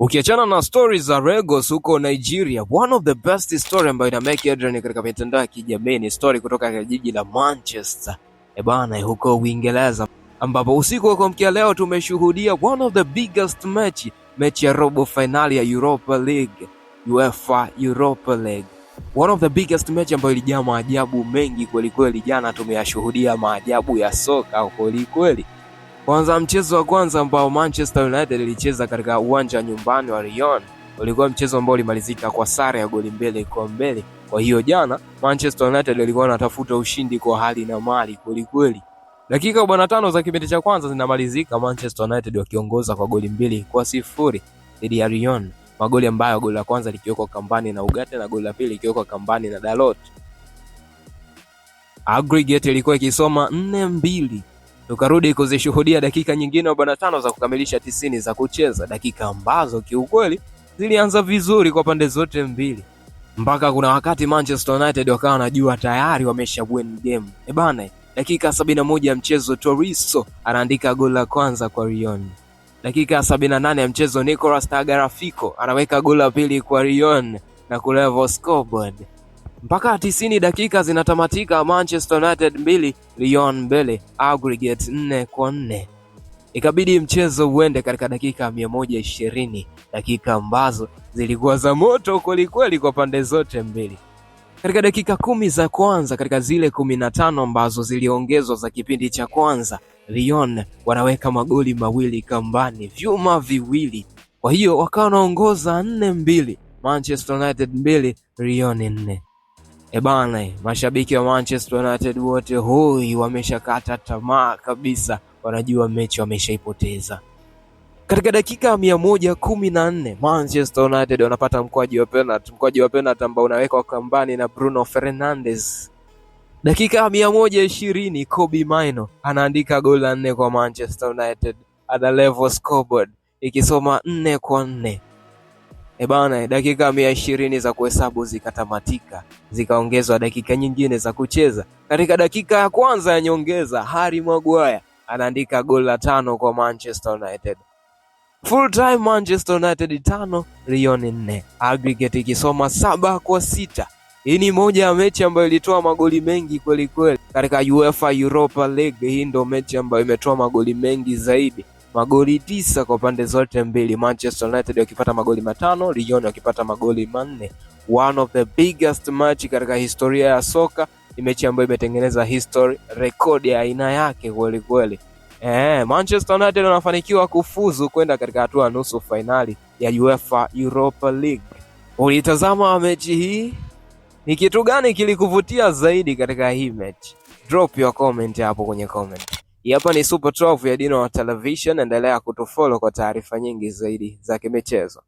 Ukiachana na stori za Regos huko Nigeria, one of the best story ambayo ina make headline katika mitandao ya kijamii ni story kutoka katika jiji la Manchester e bana, huko Uingereza, ambapo usiku wa kuamkia leo tumeshuhudia one of the biggest match, mechi ya robo finali ya Europa League, UEFA Europa League, one of the biggest match ambayo ilijaa maajabu mengi kwelikweli. Jana tumeyashuhudia maajabu ya soka kwelikweli. Kwanza, mchezo wa kwanza ambao Manchester United ilicheza katika uwanja wa nyumbani wa Lyon ulikuwa mchezo ambao ulimalizika kwa sare ya goli mbele kwa mbele. Kwa hiyo jana Manchester United walikuwa wanatafuta ushindi kwa hali na mali kwelikweli. Dakika arobaini tano za kipindi cha kwanza zinamalizika Manchester United wakiongoza kwa goli mbili kwa sifuri dhidi ya Lyon, magoli ambayo goli la kwanza likiwekwa kambani na Ugarte na goli la pili likiwekwa kambani na Dalot. Aggregate ilikuwa ikisoma 4 mbili tukarudi kuzishuhudia dakika nyingine 45 tano za kukamilisha tisini za kucheza, dakika ambazo kiukweli zilianza vizuri kwa pande zote mbili mpaka kuna wakati Manchester United wakawa wanajua tayari wamesha win game. E bana, dakika 71 ya mchezo Torisso anaandika goli la kwanza kwa Lyon. Dakika ya 78 ya mchezo Nicolas Tagliafico anaweka goli la pili kwa Lyon na kulevo scoreboard. Mpaka tisini dakika zinatamatika Manchester United mbili Lyon mbele aggregate 4 kwa 4, Ikabidi mchezo uende katika dakika 120 dakika ambazo zilikuwa za moto kwelikweli kwa pande zote mbili. Katika dakika kumi za kwanza katika zile 15 ambazo ziliongezwa za kipindi cha kwanza, Lyon wanaweka magoli mawili kambani, vyuma viwili. Kwa hiyo wakawa wanaongoza 4 mbili, Manchester United mbili Lyon Ebana, eh eh, mashabiki wa Manchester United wote hoi wameshakata tamaa kabisa, wanajua mechi wameshaipoteza. Katika dakika mia moja kumi na nne Manchester United wanapata mkwaji wa penalty, mkwaji wa penalty ambao unawekwa kambani na Bruno Fernandes. Dakika mia moja ishirini Kobbie Mainoo anaandika goli la nne kwa Manchester United, ana level scoreboard ikisoma nne kwa nne. E bana, dakika mia ishirini za kuhesabu zikatamatika, zikaongezwa dakika nyingine za kucheza. Katika dakika ya kwanza ya nyongeza, Harry Maguire anaandika goli la tano kwa Manchester United. Full time Manchester United tano Lyon nne, aggregate ikisoma saba kwa sita. Hii ni moja ya mechi ambayo ilitoa magoli mengi kweli kweli katika UEFA Europa League. Hii ndo mechi ambayo imetoa magoli mengi zaidi magoli tisa kwa pande zote mbili, Manchester United wakipata magoli matano, Lyon wakipata magoli manne. One of the biggest match katika historia ya soka, ni mechi ambayo imetengeneza history record ya aina yake kweli kweli. Eh, Manchester United wanafanikiwa kufuzu kwenda katika hatua nusu fainali ya UEFA Europa League. Ulitazama mechi hii? Ni kitu gani kilikuvutia zaidi katika hii mechi? Drop your comment hapo kwenye comment. Hii hapa ni Super 12 ya Dino Television, endelea kutufollow kwa taarifa nyingi zaidi za kimichezo.